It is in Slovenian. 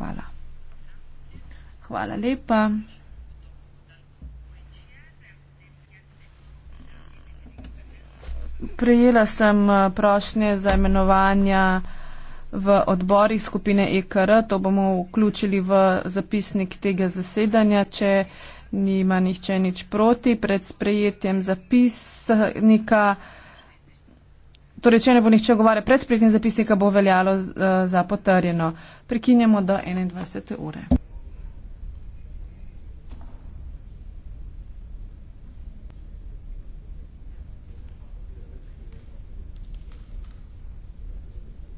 Hvala. Hvala lepa. Prejela sem eh, prošnje za imenovanja v odborih skupine EKR. To bomo vključili v zapisnik tega zasedanja, če nima nihče nič proti. Pred sprejetjem zapisnika. Torej, če ne bo nihče govoril pred spletnim zapisnikom, bo veljalo uh, za potrjeno. Prekinjamo do 21. ure.